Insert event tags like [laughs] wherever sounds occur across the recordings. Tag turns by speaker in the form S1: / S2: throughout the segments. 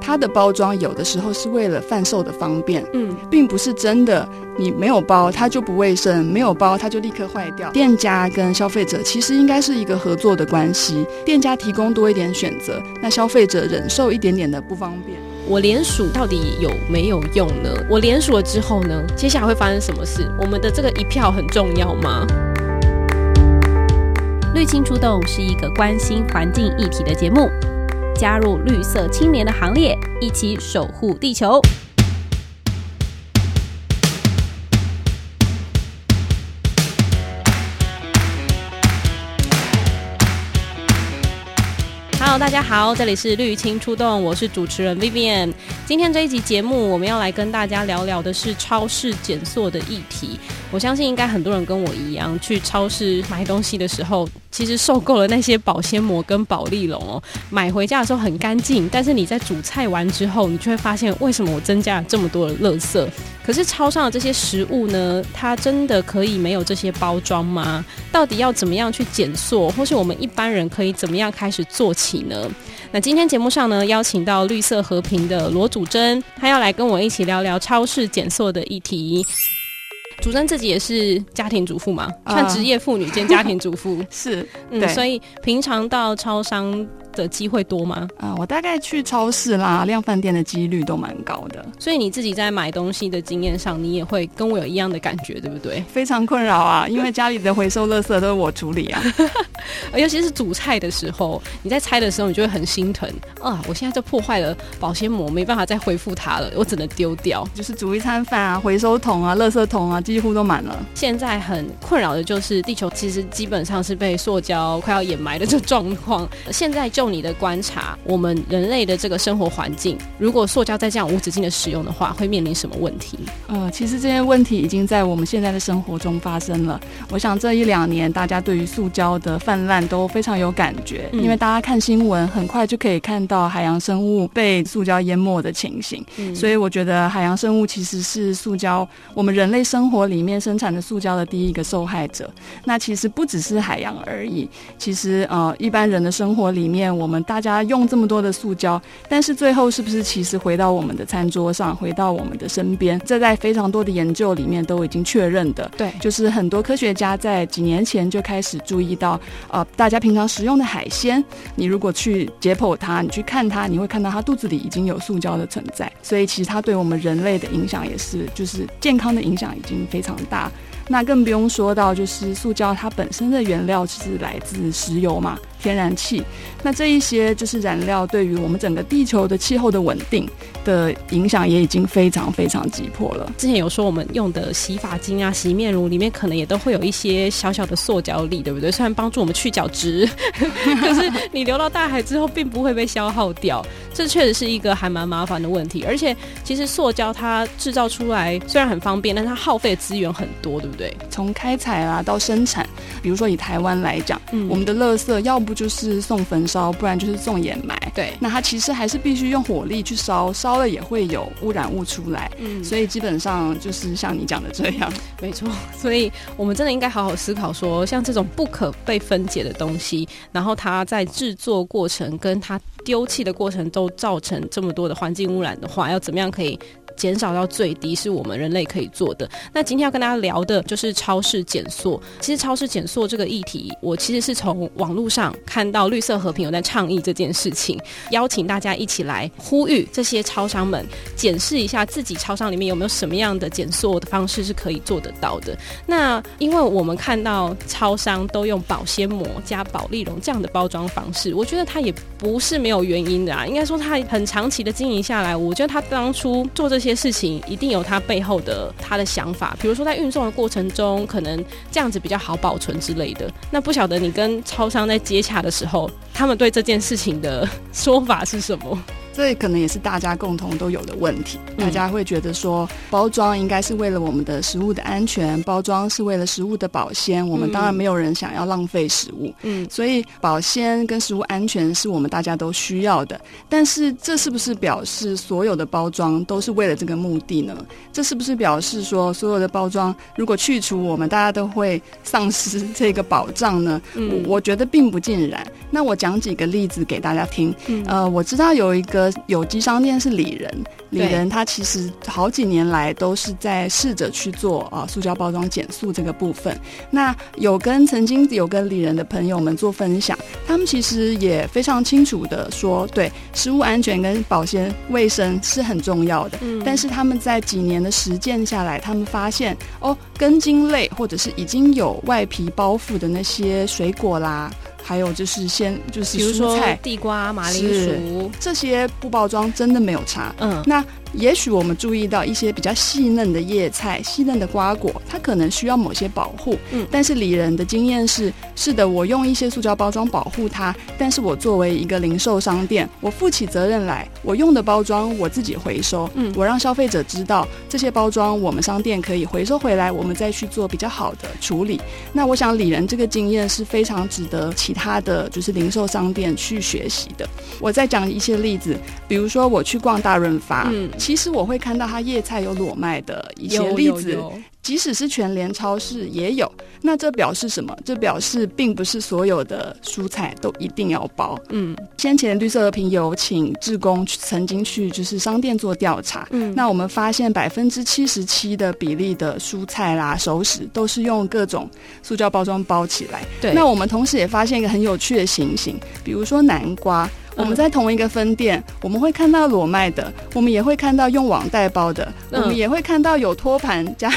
S1: 它的包裝有的時候是為了販售的方便，嗯，並不是真的。你沒有包，它就不衛生；沒有包，它就立刻壞掉。店家跟消費者其實應該是一個合作的關係，店家提供多一點選擇，那消費者
S2: 忍受一點點的不方便。我連署到底有沒有用呢？我連署了之後呢？接下來會發生什麼事？我們的這個一票很重要嗎？綠青出動是一個關心環境議題的節目。加入綠色青年的行列，一起守護地球。Hello，大家好，這裡是綠青出動，我是主持人 Vivian。今天這一集節目，我們要來跟大家聊聊的是超市減塑的議題。我相信應該很多人跟我一樣，去超市買東西的時候，其實受夠了那些保鮮膜跟保麗龍哦，買回家的時候很乾淨，但是你在煮菜完之後，你就會發現為什麼我增加了這麼多的垃圾。可是超商的這些食物呢，它真的可以沒有這些包裝嗎？到底要怎麼樣去減塑，或是我們一般人可以怎麼樣開始做起呢？那今天節目上呢，邀請到綠色和平的羅祖珍，她要來跟我一起聊聊超市減塑的議題。祖珍自己也是家庭主婦嘛，oh. 算職業婦女兼家庭主婦。 [laughs] 是，嗯，所以平常到超商的機會多嗎？啊，我大
S1: 概去超市啦、量販店的幾率都蠻高的。
S2: 所以你自己在買東西的經驗上，你也會跟我有一樣的感覺，對不對？非常困擾啊，因為家裡的回收垃圾都是我處理啊， [laughs] 尤其是煮菜的時候，你在拆的時候，你就會很心疼啊。我現在就破壞了保鮮膜，沒辦法再恢復它了，我只能丟掉。就是煮一餐飯啊，回收桶啊、垃圾桶啊，幾乎都滿了。現在很困擾的就是地球，其實基本上是被塑膠快要掩埋的這狀況。 [laughs] 現在就你的觀察，我們人類的這個生活環境，如果塑膠在這樣無止境的使用的話，會面臨什麼問題？
S1: 呃，其實這些問題已經在我們現在的生活中發生了。我想這一兩年，大家對於塑膠的泛濫都非常有感覺，嗯、因為大家看新聞，很快就可以看到海洋生物被塑膠淹沒的情形。嗯、所以我覺得，海洋生物其實是塑膠，我們人類生活裡面生產的塑膠的第一個受害者。那其實不只是海洋而已，其實呃，一般人的生活裡面。我們大家用這麼多的塑膠，但是最後是不是其實回到我們的餐桌上，回到我們的身邊？這在非常多的研究裡面都已經確認的。對，就是很多科學家在幾年前就開始注意到，呃，大家平常食用的海鮮，你如果去解剖它，你去看它，你會看到它肚子裡已經有塑膠的存在。所以其實它對我們人類的影響也是，就是健康的影響已經非常大。那更不用說到，就是塑膠它本身的原料是來自石油嘛，天然氣。那這一些就是燃料，對於我們整個地球的氣候的穩定的影響，也已經非常非常急迫了。
S2: 之前有說我們用的洗髮精啊、洗面乳裡面，可能也都會有一些小小的塑膠粒，對不對？雖然幫助我們去角質， [laughs] 可是你流到大海之後，並不會被消耗掉。這確實是一個還蠻麻煩的問題，而且其實塑膠它製造出來雖然很方便，但它耗費的資源很多，對不對？
S1: 從開採啊到生產。比如說以台灣來講，嗯，我們的垃圾，要不就是送焚燒，不然就是送掩埋。對，那它其實還是必須用火力去燒，燒了也會有污染物出來。嗯，所以基本上就
S2: 是像你講的這樣，沒錯。所以我們真的應該好好思考說，說像這種不可被分解的東西，然後它在製作過程跟它丟棄的過程都造成這麼多的環境污染的話，要怎麼樣可以？減少到最低是我們人類可以做的。那今天要跟大家聊的就是超市減塑。其實超市減塑這個議題，我其實是從網絡上看到綠色和平有在倡議這件事情，邀請大家一起來呼籲這些超商們檢視一下自己超商裡面有沒有什麼樣的減塑的方式是可以做得到的。那因為我們看到超商都用保鮮膜加保麗龍這樣的包裝方式，我覺得它也不是沒有原因的啊。應該說它很長期的經營下來，我覺得它當初做這些。些事情一定有他背後的他的想法，比如說在運送的過程中，可能這樣子比較好保存之類的。那不曉得你跟超商在接洽的時候，他們對這件事情的說法是什麼？這可能也是大家共同都有的問題。大家
S1: 會覺得說，包裝應該是為了我們的食物的安全，包裝是為了食物的保鮮。我們當然沒有人想要浪費食物。嗯，所以保鮮跟食物安全是我們大家都需要的。但是，這是不是表示所有的包裝都是為了這個目的呢？這是不是表示說，所有的包裝如果去除，我們大家都會喪失這個保障呢？我我覺得並不盡然。那我講幾個例子給大家聽。嗯，呃，我知道有一個。呃，有機商店是里仁，里仁他其實好幾年來都是在試着去做啊，塑膠包裝減塑這個部分。那有跟曾經有跟里仁的朋友們做分享，他們其實也非常清楚地說，對食物安全跟保鮮衛生是很重要的。但是他們在幾年的實踐下來，他們發現哦，根莖類或者是已經有外皮包覆的那些水果啦。還有就是鮮，就是蔬菜、地
S2: 瓜、馬鈴薯這些
S1: 不包裝，真的沒有差。嗯，那。也許我們注意到一些比較細嫩的葉菜、細嫩的瓜果，它可能需要某些保護。嗯，但是里仁的經驗是：是的，我用一些塑膠包裝保護它。但是我作為一個零售商店，我負起責任來，我用的包裝我自己回收。嗯，我讓消費者知道這些包裝我們商店可以回收回來，我們再去做比較好的處理。那我想里仁這個經驗是非常值得其他的就是零售商店去學習的。我再講一些例子，比如說我去逛大潤發。嗯其實我會看到它葉菜有裸賣的一些例子。即使是全聯超市也有，那這表示什麼？這表示並不是所有的蔬菜都一定要包。嗯。先前綠色和平有請志工去曾經去就是商店做調查。嗯。那我們發現百分之七十七的比例的蔬菜啦、熟食都是用各種塑膠包裝包起來。對。那我們同時也發現一個很有趣的情形，比如說南瓜，我們在同一個分店，我們會看到裸賣的，我們也會看到用網袋包的，我們也會看到有托盤加。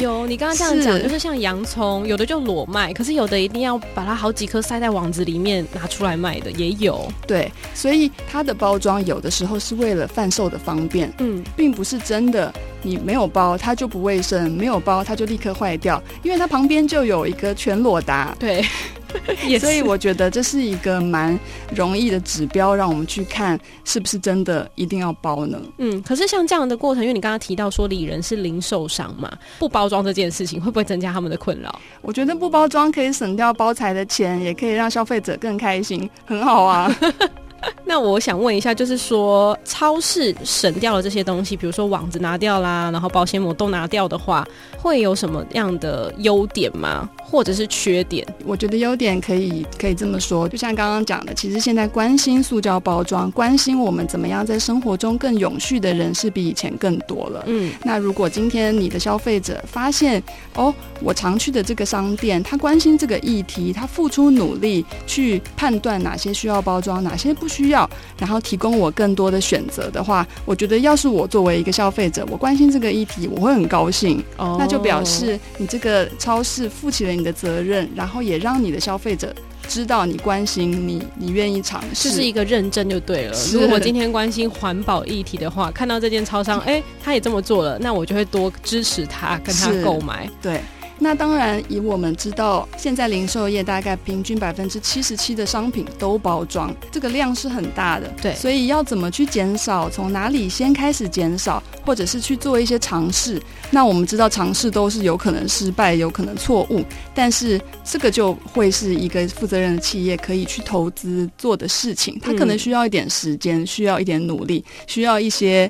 S2: 有，你剛剛這樣講，就是像洋蔥，有的就裸賣，可是有的一定要把它好幾顆塞在網子裡面拿出來賣的，也有。
S1: 對，所以它的包裝有的時候是為了販售的方便，嗯，並不是真的你沒有包它就不衛生，沒有包它就立刻壞掉，因為它旁邊就有一個全裸達。對。也所以我覺得這是一個蠻容易的指標，讓我們去看是不是真的一定要包呢？嗯，
S2: 可是像這樣的過程，因為你剛剛提到說，里仁是零售商嘛，不包裝這件事情會不會增加他們的困擾？我覺得
S1: 不包裝可以省掉包材的錢，也可以讓消費者更開心，
S2: 很好啊。 [laughs] 那我想問一下，就是說超市省掉了這些東西，比如說網子拿掉啦，然後保鮮膜都拿掉的話，會有什麼樣的優點嗎？或者是缺點。我覺得優
S1: 點可以可以這麼說，就像剛剛講的，其實現在關心塑膠包裝、關心我們怎麼樣在生活中更永續的人是比以前更多了。嗯，那如果今天你的消費者發現，哦，我常去的這個商店，他關心這個議題，他付出努力去判斷哪些需要包裝，哪些不需要，然後提供我更多的選擇的話，我覺得要是我作為一個消費者，我關心這個議題，我會很高興。哦，那就表示你這個超市付起了，你的責任，然後也讓你的消費者知道你關心你，你願意嘗
S2: 試，這、就是一個認真就對了。如果今天關心環保議題的話，看到這間超商，哎、欸，他也這麼做了，那我就會多支持他，跟他購買，對。
S1: 那當然，以我們知道，現在零售業大概平均百分之七十七的商品都包裝，這個量是很大的。對，所以要怎麼去減少？從哪裡先開始減少？或者是去做一些嘗試？那我們知道，嘗試都是有可能失敗，有可能錯誤，但是這個就會是一個負責任的企業可以去投資做的事情。嗯、它可能需要一點時間，需要一點努力，需要一些。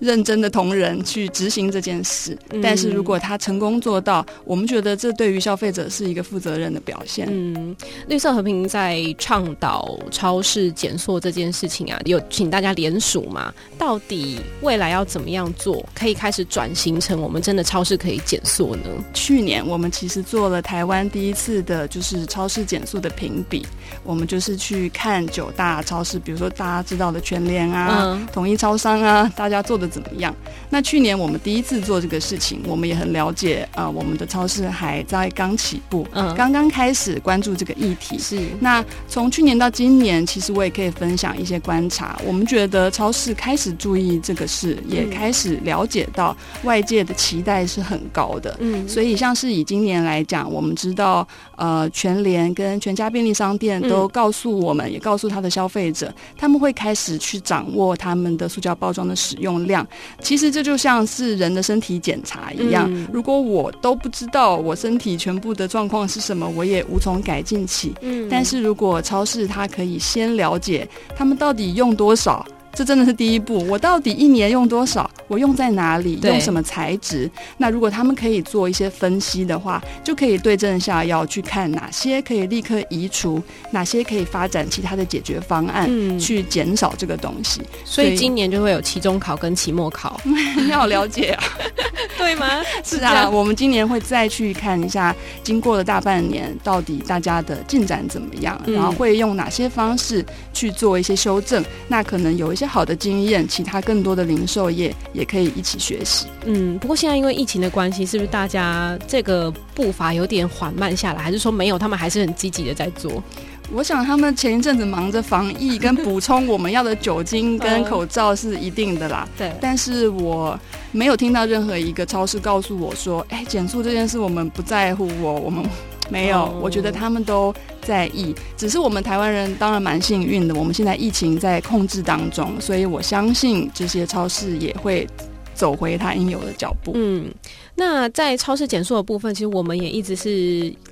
S1: 認真的同仁去執行這件事，嗯，但是如果他成功做到，我們覺得這對於消費者是一個負責任的表現。嗯，
S2: 綠色和平在倡導超市減塑這件事情啊，有請大家聯署嘛？到底未來要怎麼樣做，可以開始轉型成我們真的超市可以減塑呢？去年我們其實做了台灣第一次的就是超市
S1: 減塑的評比，我們就是去看九大超市，比如說大家知道的全聯啊、嗯、統一超商啊，大家做的。怎麼樣？那去年我們第一次做這個事情，我們也很了解啊、呃。我們的超市還在剛起步，嗯，剛剛開始關注這個議題。是。那從去年到今年，其實我也可以分享一些觀察。我們覺得超市開始注意這個事，也開始了解到外界的期待是很高的。嗯。所以，像是以今年來講，我們知道，呃，全聯跟全家便利商店都告訴我們，嗯，也告訴他的消費者，他們會開始去掌握他們的塑膠包裝的使用量。其實這就像是人的身體檢查一樣，如果我都不知道我身體全部的狀況是什麼，我也無從改進起。但是如果超市他可以先了解他們到底用多少。這真的是第一步。我到底一年用多少？我用在哪裡？用什麼材質？那如果他們可以做一些分析的話，就可以對症下藥，去看哪些可以立刻移除，哪些可以發展其他的解決方案，嗯、去減少這個東西。所以今年就會有期中考跟期末考，
S2: [laughs] 你好了解啊、哦， [laughs] 對嗎是？是啊，我們
S1: 今年會再去看一下，經過了大半年，到底大家的進展怎麼樣、嗯？然後會用哪些方式去做一些修正？那可能有一些。好的經驗，其他更多的零售業
S2: 也可以一起學習。嗯，不過現在因為疫情的關係，是不是大家這個步伐有點緩慢下來？還是說沒有？他們還是很積極的在做。我想他們前一陣子忙着防疫，跟補充我們要的酒精跟
S1: 口罩是一定的啦、 [laughs] 嗯。對，但是我沒有聽到任何一個超市告訴我說：“哎、欸，減塑這件事我們不在乎、哦。”我我們。沒有，我覺得他們都在意。只是我們台灣人當然蠻幸運的，我們現在疫情在控制當中，所以我相信這些超市也會走回它應有的腳步。嗯。
S2: 那在超市減塑的部分，其實我們也一直是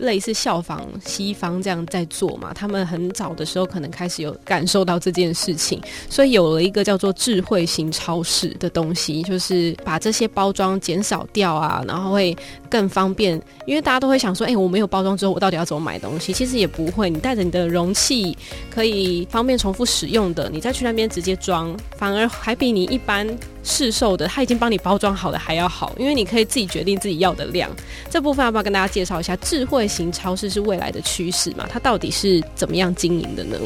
S2: 類似效仿西方這樣在做嘛。他們很早的時候可能開始有感受到這件事情，所以有了一個叫做智慧型超市的東西，就是把這些包裝減少掉啊，然後會更方便。因為大家都會想說，誒、欸，我沒有包裝之後，我到底要怎麼買東西？其實也不會，你帶着你的容器可以方便重複使用的，你再去那邊直接裝，反而還比你一般，市售的，它已經幫你包裝好的，還要好，因為你可以自己決定自己要的量。這部分要不要跟大家介紹一下？智慧型超市是未來的趨勢嘛？它到底是怎麼樣經營的呢？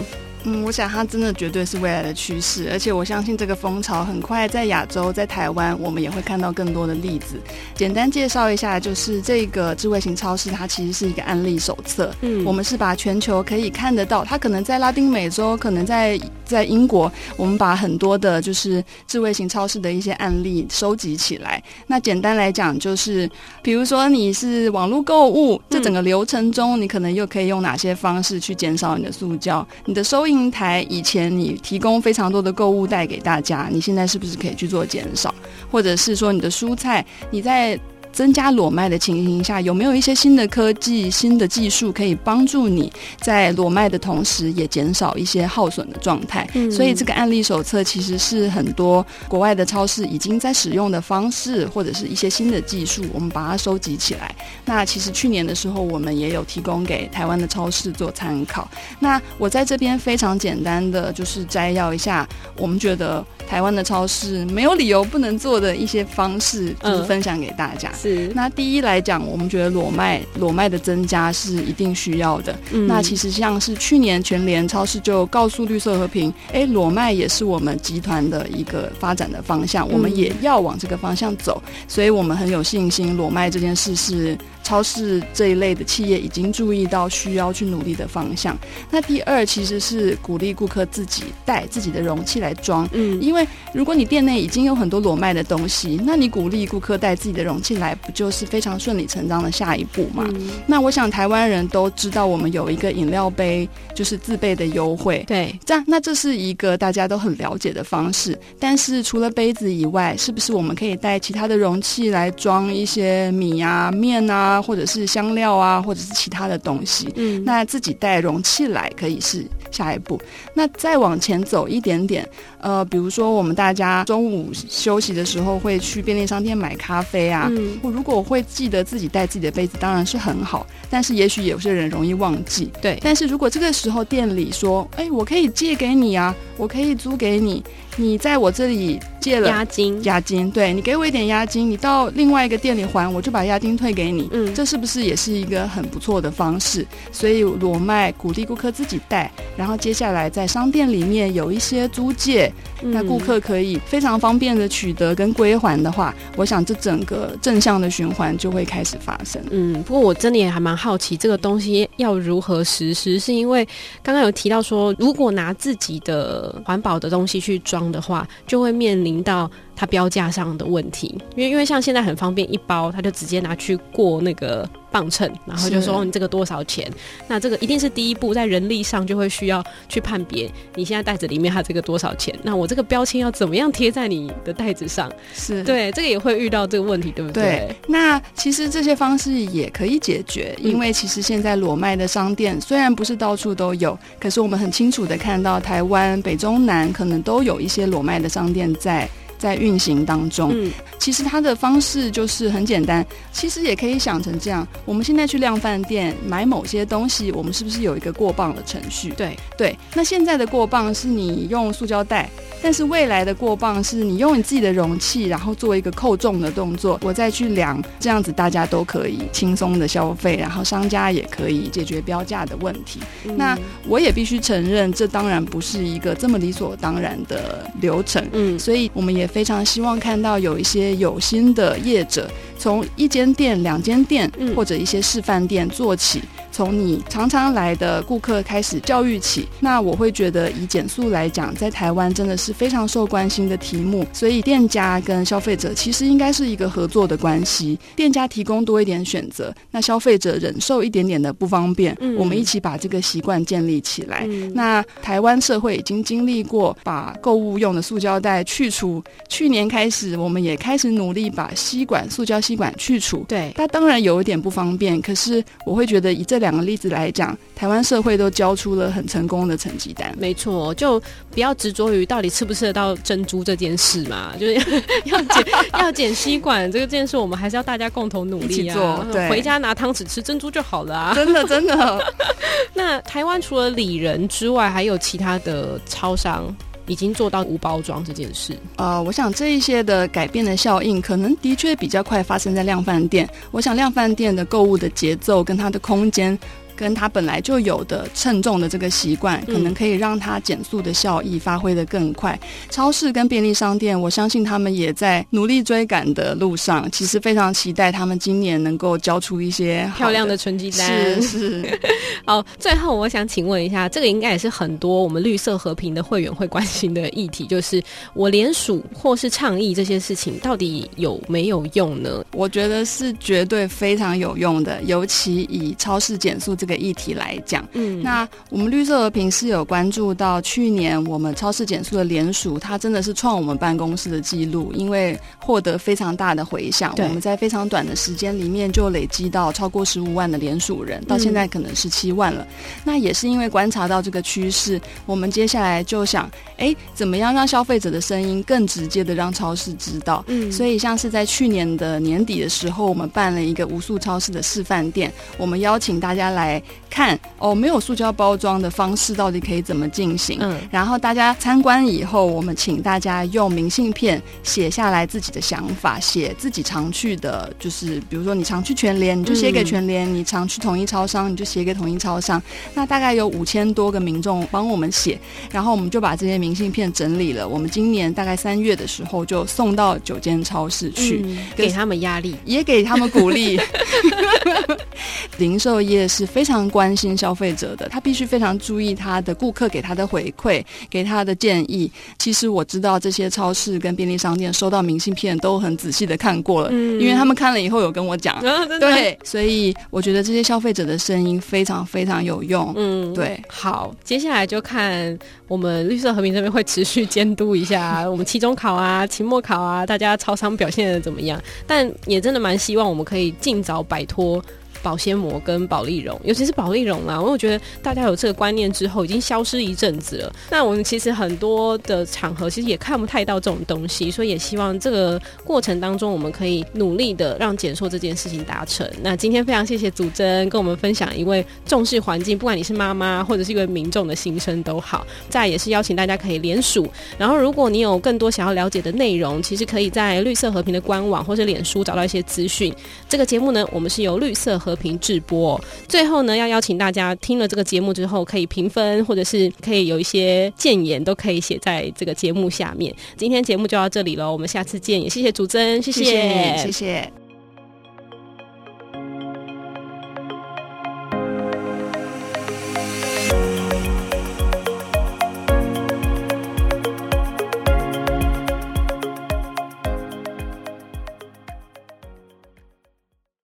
S1: 嗯，我想它真的絕對是未來的趨勢，而且我相信這個風潮很快在亞洲，在台灣，我們也會看到更多的例子。簡單介紹一下，就是這個智慧型超市，它其實是一個案例手冊。嗯，我們是把全球可以看得到，它可能在拉丁美洲，可能在在英國，我們把很多的就是智慧型超市的一些案例收集起來。那簡單來講，就是比如說你是網絡購物，嗯，這整個流程中，你可能又可以用哪些方式去減少你的塑膠，你的收益，平台以前你提供非常多的購物袋給大家，你現在是不是可以去做減少？或者是說你的蔬菜，你在。增加裸賣的情形下，有沒有一些新的科技、新的技術可以幫助你在裸賣的同時，也減少一些耗損的狀態。嗯。所以這個案例手冊其實是很多國外的超市已經在使用的方式，或者是一些新的技術，我們把它收集起來。那其實去年的時候，我們也有提供給台灣的超市做參考。那我在這邊非常簡單的就是摘要一下，我們覺得。台灣的超市沒有理由不能做的一些方式，就是分享給大家，是，那第一來講，我們覺得裸賣、裸賣的增加是一定需要的。嗯，那其實像是去年全聯超市就告訴綠色和平，誒，裸賣也是我們集團的一個發展的方向，我們也要往這個方向走，所以我們很有信心，裸賣這件事是超市這一類的企業已經注意到需要去努力的方向。那第二其實是鼓勵顧客自己帶自己的容器來裝，嗯，因為如果你店內已經有很多裸賣的東西，那你鼓勵顧客帶自己的容器來，不就是非常順理成章的下一步嘛？那我想台灣人都知道我們有一個飲料杯就是自備的優惠，對，這樣。那這是一個大家都很了解的方式。但是除了杯子以外，是不是我們可以帶其他的容器來裝一些米啊、麵啊？或者是香料啊，或者是其他的東西，嗯，那自己帶容器來可以是下一步。那再往前走一點點。呃，比如說我們大家中午休息的時候會去便利商店買咖啡啊，嗯，我如果會記得自己帶自己的杯子，當然是很好。但是也許有些人容易忘記。對。但是如果這個時候店裡說，哎，我可以借給你啊，我可以租給你，你在我這裡借了押金，押金，對，你給我一點押金，你到另外一個店裡還，我就把押金退給你。嗯，這是不是也是一個很不錯的方式？所以裸賣鼓勵顧客自己帶，然後接下來在商店裡面有一些租借。那顧客可以非常方便的取得跟歸還的話，我想這整個正向的循
S2: 環就會開始發生。嗯，不過我真的也還蠻好奇這個東西要如何實施，是因為剛剛有提到說，如果拿自己的環保的東西去裝的話，就會面臨到，它標價上的問題，因為因為像現在很方便，一包它就直接拿去過那個磅秤，然後就說，哦，你這個多少錢？那這個一定是第一步，在人力上就會需要去判別你現在袋子裡面它這個多少錢？那我這個標籤要怎麼樣貼在你的袋子上？是對，這個也會遇到這個問題，對不對？對。
S1: 那其實這些方式也可以解決，嗯，因為其實現在裸賣的商店雖然不是到處都有，可是我們很清楚的看到台，台灣北中南可能都有一些裸賣的商店在。在運行當中，嗯，其實它的方式就是很簡單，其實也可以想成這樣：我們現在去量販店買某些東西，我們是不是有一個過磅的程序？對對。那現在的過磅是你用塑膠袋，但是未來的過磅是你用你自己的容器，然後做一個扣重的動作，我再去量，這樣子大家都可以輕鬆的消費，然後商家也可以解決標價的問題。嗯。那我也必須承認，這當然不是一個這麼理所當然的流程，嗯，所以我們也。非常希望看到有一些有心的業者，從一間店、兩間店，或者一些示範店做起。從你常常來的顧客開始教育起，那我會覺得以減塑來講，在台灣真的是非常受關心的題目。所以店家跟消費者其實應該是一個合作的關係，店家提供多一點選擇，那消費者忍受一點點的不方便，嗯、我們一起把這個習慣建立起來，嗯。那台灣社會已經經歷過把購物用的塑膠袋去除，去年開始我們也開始努力把吸管、塑膠吸管去除。對，它當然有一點不方便，可是我會覺得以這兩。兩個例子來講，台灣社會都
S2: 交出了很成功的成績單。沒錯，就不要執着於到底吃不吃得到珍珠這件事嘛，就是要 [laughs] 要減要減吸管這個件事，我們還是要大家共同努力啊。做對，回家拿湯匙吃珍珠就好了。啊。真的，真的。 [laughs] 那台灣除了里仁之外，還有其他的超商。已經做到無包裝這件事，
S1: 呃，我想這一些的改變的效應，可能的確比較快發生在量販店。我想量販店的購物的節奏跟它的空間。跟他本來就有的稱重的這個習慣，可能可以讓他減塑的效益發揮得更快。嗯。超市跟便利商店，我相信他們也在努力追趕的路上。其實非常期待他們
S2: 今年能夠交出一些漂亮的成績單。是是。 [laughs] 好，最後我想請問一下，這個應該也是很多我們綠色和平的會員會關心的議題，就是我連署或是倡議這些事情，到底有沒有用呢？我覺得是
S1: 絕對非常有用的，尤其以超市減塑這個。個議題來講，嗯，那我們綠色和平是有關注到去年我們超市減塑的聯署，它真的是創我們辦公室的記錄，因為獲得非常大的回響。對，我們在非常短的時間裡面就累積到超過十五萬的聯署人，到現在可能十七萬了，嗯。那也是因為觀察到這個趨勢，我們接下來就想，哎、欸，怎麼樣讓消費者的聲音更直接的讓超市知道？嗯，所以像是在去年的年底的時候，我們辦了一個無數超市的示範店，我們邀請大家來看哦，沒有塑膠包裝的方式到底可以怎麼進行？嗯，然後大家參觀以後，我們請大家用明信片寫下來自己的想法，寫自己常去的，就是比如說你常去全聯，你就寫給全聯、嗯；你常去統一超商，你就寫給統一超商。那大概有五千多個民眾幫我們寫，然後我們就把這些明信片整理了。我們今年大概三月的時候就送到九間超市去、嗯，給他們壓力，跟，也給他們鼓勵。 [laughs] [laughs] 零售業是非常非常關心消費者的，他必須非常注意他的顧客給他的回饋，給他的建議。其實我知道這些超市跟便利商店收到明信片都很仔細的看過了，嗯，因為他們看了以後有跟我
S2: 講、啊，真的，對，所以我覺得這些消費者的聲音非常非常有用。嗯，對。好，接下來就看我們綠色和平這邊會持續監督一下，我們期中考啊、期末考啊，大家超商表現得怎麼樣？但也真的蠻希望我們可以盡早擺脫。保鮮膜跟保麗龍，尤其是保麗龍啊，我覺得大家有這個觀念之後，已經消失一陣子了。那我們其實很多的場合，其實也看不太到這種東西，所以也希望這個過程當中，我們可以努力的讓減塑這件事情達成。那今天非常謝謝祖珍跟我們分享一位重視環境，不管你是媽媽或者是一位民眾的心聲都好。再也是邀請大家可以連署，然後如果你有更多想要了解的內容，其實可以在綠色和平的官網或者臉書找到一些資訊。這個節目呢，我們是由綠色和和平直播，最後呢，要邀請大家聽了這個節目之後，可以評分，或者是可以有一些建言，都可以寫在這個節目下面。今天節目就到這裡了，我們下次見，也謝謝祖珍，謝謝，謝謝。謝謝